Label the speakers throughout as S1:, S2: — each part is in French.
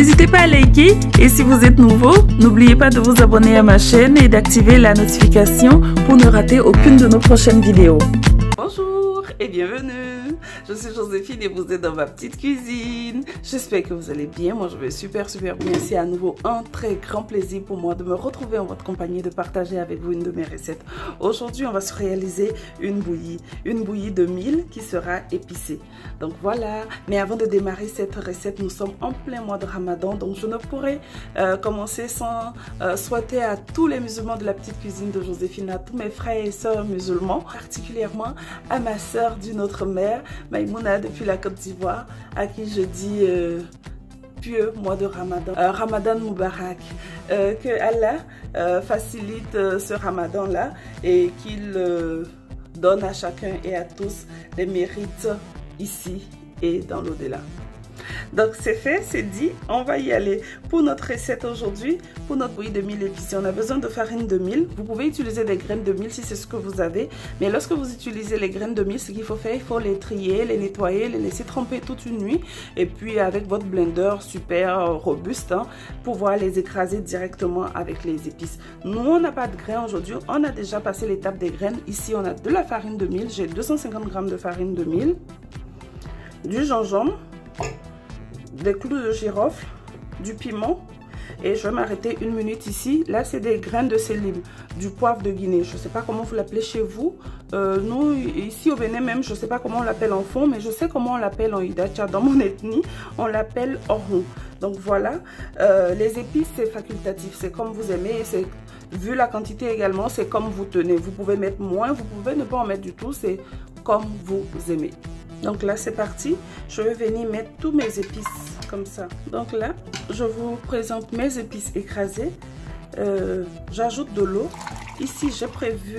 S1: N'hésitez pas à liker et si vous êtes nouveau, n'oubliez pas de vous abonner à ma chaîne et d'activer la notification pour ne rater aucune de nos prochaines vidéos. Bonjour et bienvenue Joséphine et vous êtes dans ma petite cuisine. J'espère que vous allez bien. Moi, je vais super, super bien. C'est à nouveau un très grand plaisir pour moi de me retrouver en votre compagnie et de partager avec vous une de mes recettes. Aujourd'hui, on va se réaliser une bouillie. Une bouillie de mille qui sera épicée. Donc voilà. Mais avant de démarrer cette recette, nous sommes en plein mois de ramadan. Donc je ne pourrais euh, commencer sans euh, souhaiter à tous les musulmans de la petite cuisine de Joséphine, à tous mes frères et sœurs musulmans, particulièrement à ma sœur d'une autre mère, Maïmou depuis la Côte d'Ivoire, à qui je dis euh, pieux mois de Ramadan, euh, Ramadan Moubarak. Euh, que Allah facilite ce Ramadan-là et qu'il donne à chacun et à tous les mérites ici et dans l'au-delà. Donc c'est fait, c'est dit, on va y aller. Pour notre recette aujourd'hui, pour notre bouillie de mille épices, on a besoin de farine de mille. Vous pouvez utiliser des graines de mille si c'est ce que vous avez. Mais lorsque vous utilisez les graines de mille, ce qu'il faut faire, il faut les trier, les nettoyer, les laisser tremper toute une nuit. Et puis avec votre blender super robuste, hein, pouvoir les écraser directement avec les épices. Nous, on n'a pas de graines aujourd'hui. On a déjà passé l'étape des graines. Ici, on a de la farine de mille. J'ai 250 g de farine de mille. Du gingembre des clous de girofle, du piment et je vais m'arrêter une minute ici. Là, c'est des graines de sélim, du poivre de Guinée. Je ne sais pas comment vous l'appelez chez vous. Euh, nous, ici au Bénin même, je ne sais pas comment on l'appelle en fond, mais je sais comment on l'appelle en hidacha. Dans mon ethnie, on l'appelle oron. Donc voilà, euh, les épices, c'est facultatif. C'est comme vous aimez. C'est Vu la quantité également, c'est comme vous tenez. Vous pouvez mettre moins, vous pouvez ne pas en mettre du tout. C'est comme vous aimez. Donc là, c'est parti. Je vais venir mettre tous mes épices comme ça. Donc là, je vous présente mes épices écrasées. Euh, j'ajoute de l'eau. Ici, j'ai prévu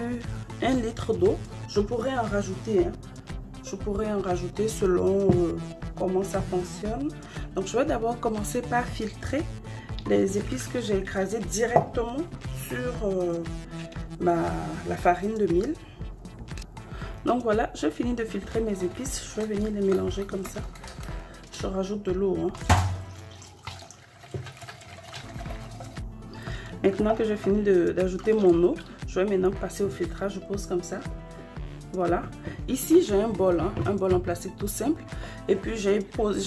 S1: un litre d'eau. Je pourrais en rajouter. Hein. Je pourrais en rajouter selon euh, comment ça fonctionne. Donc, je vais d'abord commencer par filtrer les épices que j'ai écrasées directement sur euh, la farine de mille. Donc voilà, je finis de filtrer mes épices. Je vais venir les mélanger comme ça. Je rajoute de l'eau. Hein. Maintenant que j'ai fini d'ajouter mon eau, je vais maintenant passer au filtrage. Je pose comme ça. Voilà. Ici, j'ai un bol, hein. un bol en plastique tout simple. Et puis, j'ai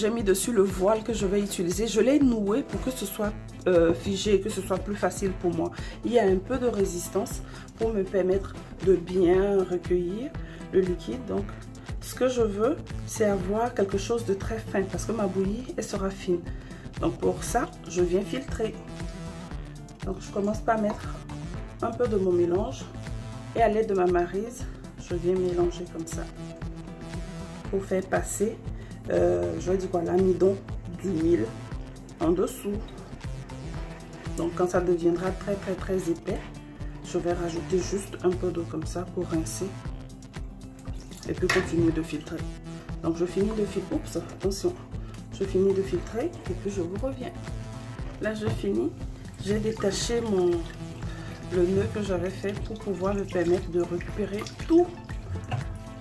S1: mis dessus le voile que je vais utiliser. Je l'ai noué pour que ce soit euh, figé, que ce soit plus facile pour moi. Il y a un peu de résistance pour me permettre de bien recueillir liquide. Donc, ce que je veux, c'est avoir quelque chose de très fin parce que ma bouillie, elle sera fine. Donc, pour ça, je viens filtrer. Donc, je commence par mettre un peu de mon mélange et à l'aide de ma marise, je viens mélanger comme ça pour faire passer, euh, je vais dire quoi, l'amidon du mille en dessous. Donc, quand ça deviendra très, très, très épais, je vais rajouter juste un peu d'eau comme ça pour rincer et puis continuer de filtrer. Donc je finis de filtrer, oups, attention, je finis de filtrer et puis je vous reviens. Là je finis, j'ai détaché mon le nœud que j'avais fait pour pouvoir me permettre de récupérer tout,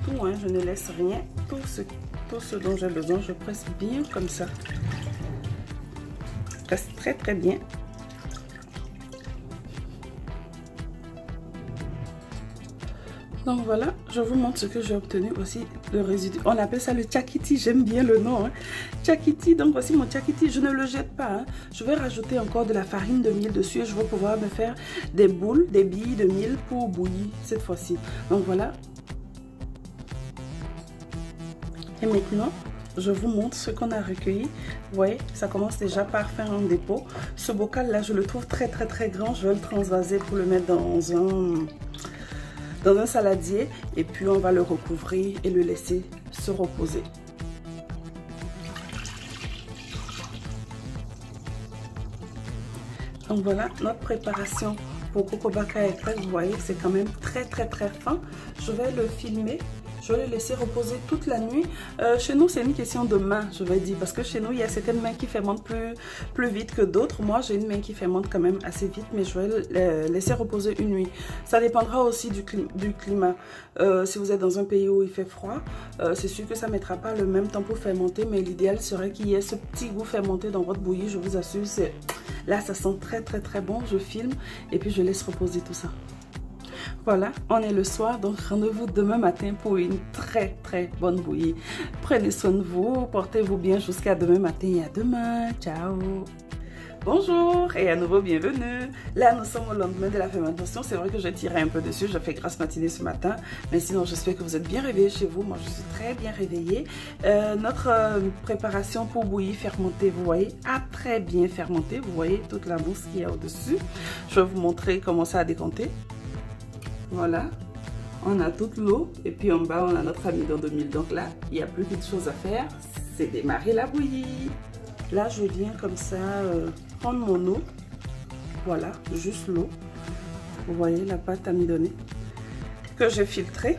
S1: tout, hein, je ne laisse rien, tout ce, tout ce dont j'ai besoin, je presse bien comme ça. Reste très très bien Donc voilà, je vous montre ce que j'ai obtenu aussi, le résidu. On appelle ça le chakiti, j'aime bien le nom. Hein. Chakiti, donc voici mon chakiti, je ne le jette pas. Hein. Je vais rajouter encore de la farine de miel dessus et je vais pouvoir me faire des boules, des billes de miel pour bouillir cette fois-ci. Donc voilà. Et maintenant, je vous montre ce qu'on a recueilli. Vous voyez, ça commence déjà par faire un dépôt. Ce bocal-là, je le trouve très très très grand. Je vais le transvaser pour le mettre dans un dans un saladier et puis on va le recouvrir et le laisser se reposer. Donc voilà, notre préparation pour Coco Baka est prête. Vous voyez, c'est quand même très très très fin. Je vais le filmer je vais les laisser reposer toute la nuit. Euh, chez nous, c'est une question de main, je vais dire, parce que chez nous, il y a certaines mains qui fermentent plus, plus vite que d'autres. Moi, j'ai une main qui fermente quand même assez vite, mais je vais laisser reposer une nuit. Ça dépendra aussi du, climat. Euh, si vous êtes dans un pays où il fait froid, euh, c'est sûr que ça ne mettra pas le même temps pour fermenter, mais l'idéal serait qu'il y ait ce petit goût fermenté dans votre bouillie, je vous assure. Là, ça sent très très très bon. Je filme et puis je laisse reposer tout ça. Voilà, on est le soir, donc rendez-vous demain matin pour une très très bonne bouillie. Prenez soin de vous, portez-vous bien jusqu'à demain matin et à demain. Ciao Bonjour et à nouveau bienvenue. Là, nous sommes au lendemain de la fermentation. C'est vrai que j'ai tiré un peu dessus. Je fais grâce matinée ce matin. Mais sinon, j'espère que vous êtes bien réveillés chez vous. Moi, je suis très bien réveillée. Euh, notre euh, préparation pour bouillie fermentée, vous voyez, a très bien fermenté. Vous voyez toute la mousse qu'il y a au-dessus. Je vais vous montrer comment ça a décompté. Voilà, on a toute l'eau et puis en bas on a notre amidon de mille. Donc là, il y a plus qu'une chose à faire, c'est démarrer la bouillie. Là, je viens comme ça euh, prendre mon eau. Voilà, juste l'eau. Vous voyez la pâte amidonnée que j'ai filtrée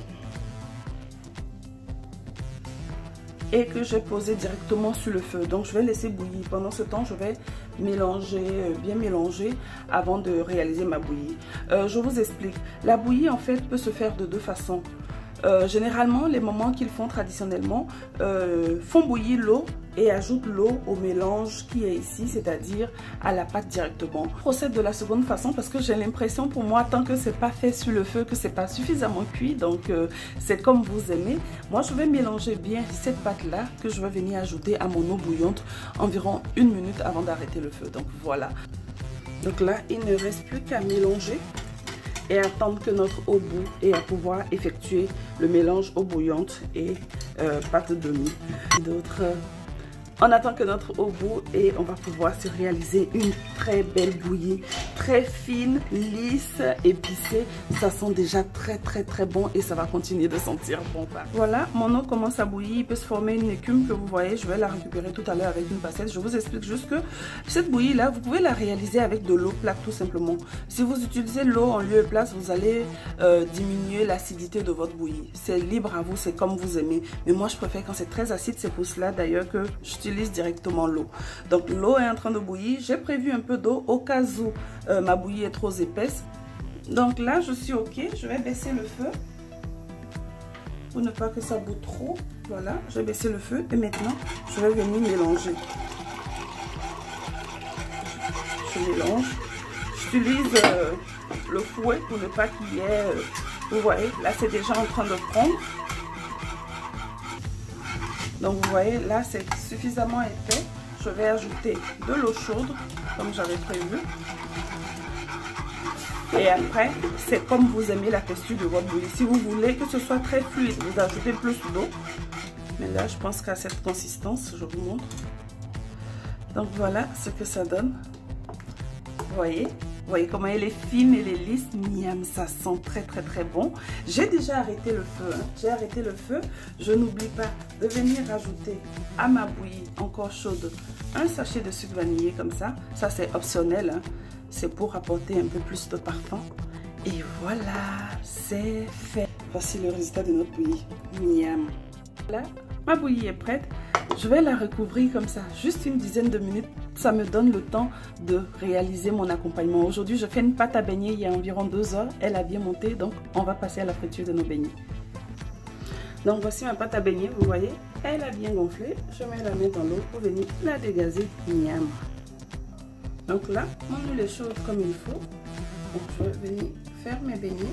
S1: et que j'ai posé directement sur le feu. Donc je vais laisser bouillir. Pendant ce temps, je vais mélanger, euh, bien mélanger avant de réaliser ma bouillie. Euh, je vous explique. La bouillie, en fait, peut se faire de deux façons. Euh, généralement, les moments qu'ils font traditionnellement font bouillir l'eau et ajoute l'eau au mélange qui est ici, c'est-à-dire à la pâte directement. procède de la seconde façon parce que j'ai l'impression pour moi, tant que c'est pas fait sur le feu, que c'est pas suffisamment cuit, donc euh, c'est comme vous aimez. Moi, je vais mélanger bien cette pâte-là que je vais venir ajouter à mon eau bouillante environ une minute avant d'arrêter le feu. Donc voilà. Donc là, il ne reste plus qu'à mélanger et attendre que notre eau boue et à pouvoir effectuer le mélange eau bouillante et euh, pâte de mie. D'autres on attend que notre eau bout et on va pouvoir se réaliser une très belle bouillie, très fine, lisse, épicée. Ça sent déjà très très très bon et ça va continuer de sentir bon. Voilà, mon eau commence à bouillir, il peut se former une écume que vous voyez. Je vais la récupérer tout à l'heure avec une passette. Je vous explique juste que cette bouillie là, vous pouvez la réaliser avec de l'eau plate tout simplement. Si vous utilisez l'eau en lieu et place, vous allez euh, diminuer l'acidité de votre bouillie. C'est libre à vous, c'est comme vous aimez. Mais moi je préfère quand c'est très acide, c'est pour cela d'ailleurs que je directement l'eau. Donc l'eau est en train de bouillir. J'ai prévu un peu d'eau au cas où euh, ma bouillie est trop épaisse. Donc là, je suis OK. Je vais baisser le feu pour ne pas que ça boue trop. Voilà, je vais baisser le feu et maintenant, je vais venir mélanger. Je mélange. J'utilise euh, le fouet pour ne pas qu'il y ait... Euh, vous voyez, là, c'est déjà en train de prendre. Donc vous voyez, là c'est suffisamment épais. Je vais ajouter de l'eau chaude, comme j'avais prévu. Et après, c'est comme vous aimez la texture de votre bouillie. Si vous voulez que ce soit très fluide, vous ajoutez plus d'eau. Mais là, je pense qu'à cette consistance, je vous montre. Donc voilà ce que ça donne. Vous voyez, vous voyez comment elle est fine, elle est lisse. Miam, ça sent très très très bon. J'ai déjà arrêté le feu. Hein. J'ai arrêté le feu. Je n'oublie pas de venir rajouter à ma bouillie encore chaude un sachet de sucre vanillé comme ça. Ça c'est optionnel. Hein. C'est pour apporter un peu plus de parfum. Et voilà, c'est fait. Voici le résultat de notre bouillie. Miam. Là, ma bouillie est prête. Je vais la recouvrir comme ça, juste une dizaine de minutes. Ça me donne le temps de réaliser mon accompagnement. Aujourd'hui, je fais une pâte à beignet il y a environ deux heures. Elle a bien monté, donc on va passer à la friture de nos beignets. Donc voici ma pâte à beignet, vous voyez, elle a bien gonflé. Je mets la main dans l'eau pour venir la dégazer. Miam. Donc là, on met les choses comme il faut. je vais venir faire mes beignets.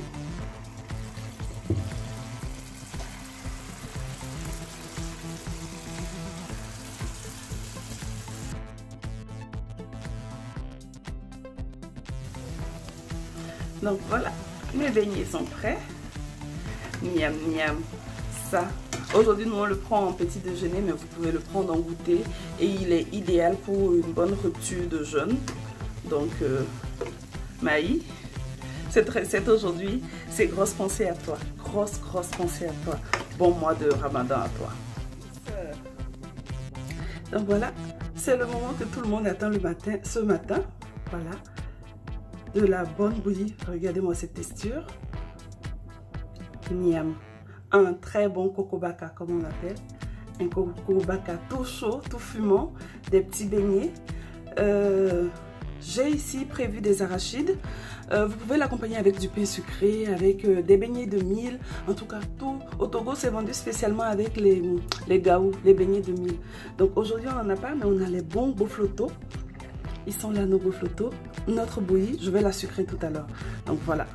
S1: Donc voilà, mes beignets sont prêts. Miam, miam. Ça, Aujourd'hui, nous, on le prend en petit déjeuner, mais vous pouvez le prendre en goûter. Et il est idéal pour une bonne rupture de jeûne. Donc, euh, Maï, C'est aujourd'hui, c'est grosse pensée à toi. Grosse, grosse pensée à toi. Bon mois de ramadan à toi. Donc voilà, c'est le moment que tout le monde attend le matin, ce matin. Voilà, de la bonne bouillie. Regardez-moi cette texture. Miam Un très bon coco baka, comme on l'appelle. Un coco baka tout chaud, tout fumant. Des petits beignets. Euh, j'ai ici prévu des arachides. Euh, vous pouvez l'accompagner avec du pain sucré, avec euh, des beignets de mil. En tout cas, tout au Togo, c'est vendu spécialement avec les, les les beignets de mil. Donc aujourd'hui, on n'en a pas, mais on a les bons beaux ils sont là, nos flotto. Notre bouillie, je vais la sucrer tout à l'heure. Donc voilà.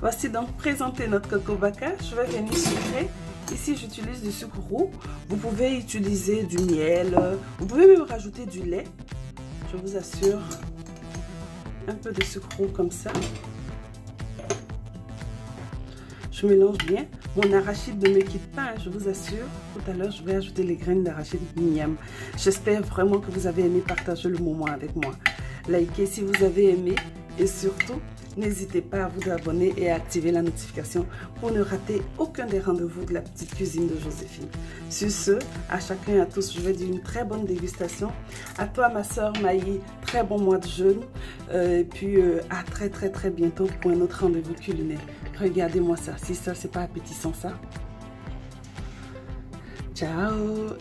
S1: Voici donc présenter notre coco baka. Je vais venir sucrer. Ici, j'utilise du sucre roux. Vous pouvez utiliser du miel. Vous pouvez même rajouter du lait. Je vous assure. Un peu de sucre roux comme ça. Je mélange bien. Mon arachide ne me quitte pas, je vous assure. Tout à l'heure, je vais ajouter les graines d'arachide miam. J'espère vraiment que vous avez aimé partager le moment avec moi. Likez si vous avez aimé et surtout, n'hésitez pas à vous abonner et à activer la notification pour ne rater aucun des rendez-vous de la petite cuisine de Joséphine. Sur ce, à chacun et à tous, je vous dis une très bonne dégustation. À toi, ma soeur Maï, très bon mois de jeûne. Euh, et puis, euh, à très très très bientôt pour un autre rendez-vous culinaire. Regardez-moi ça. Si ça, c'est pas appétissant, ça. Ciao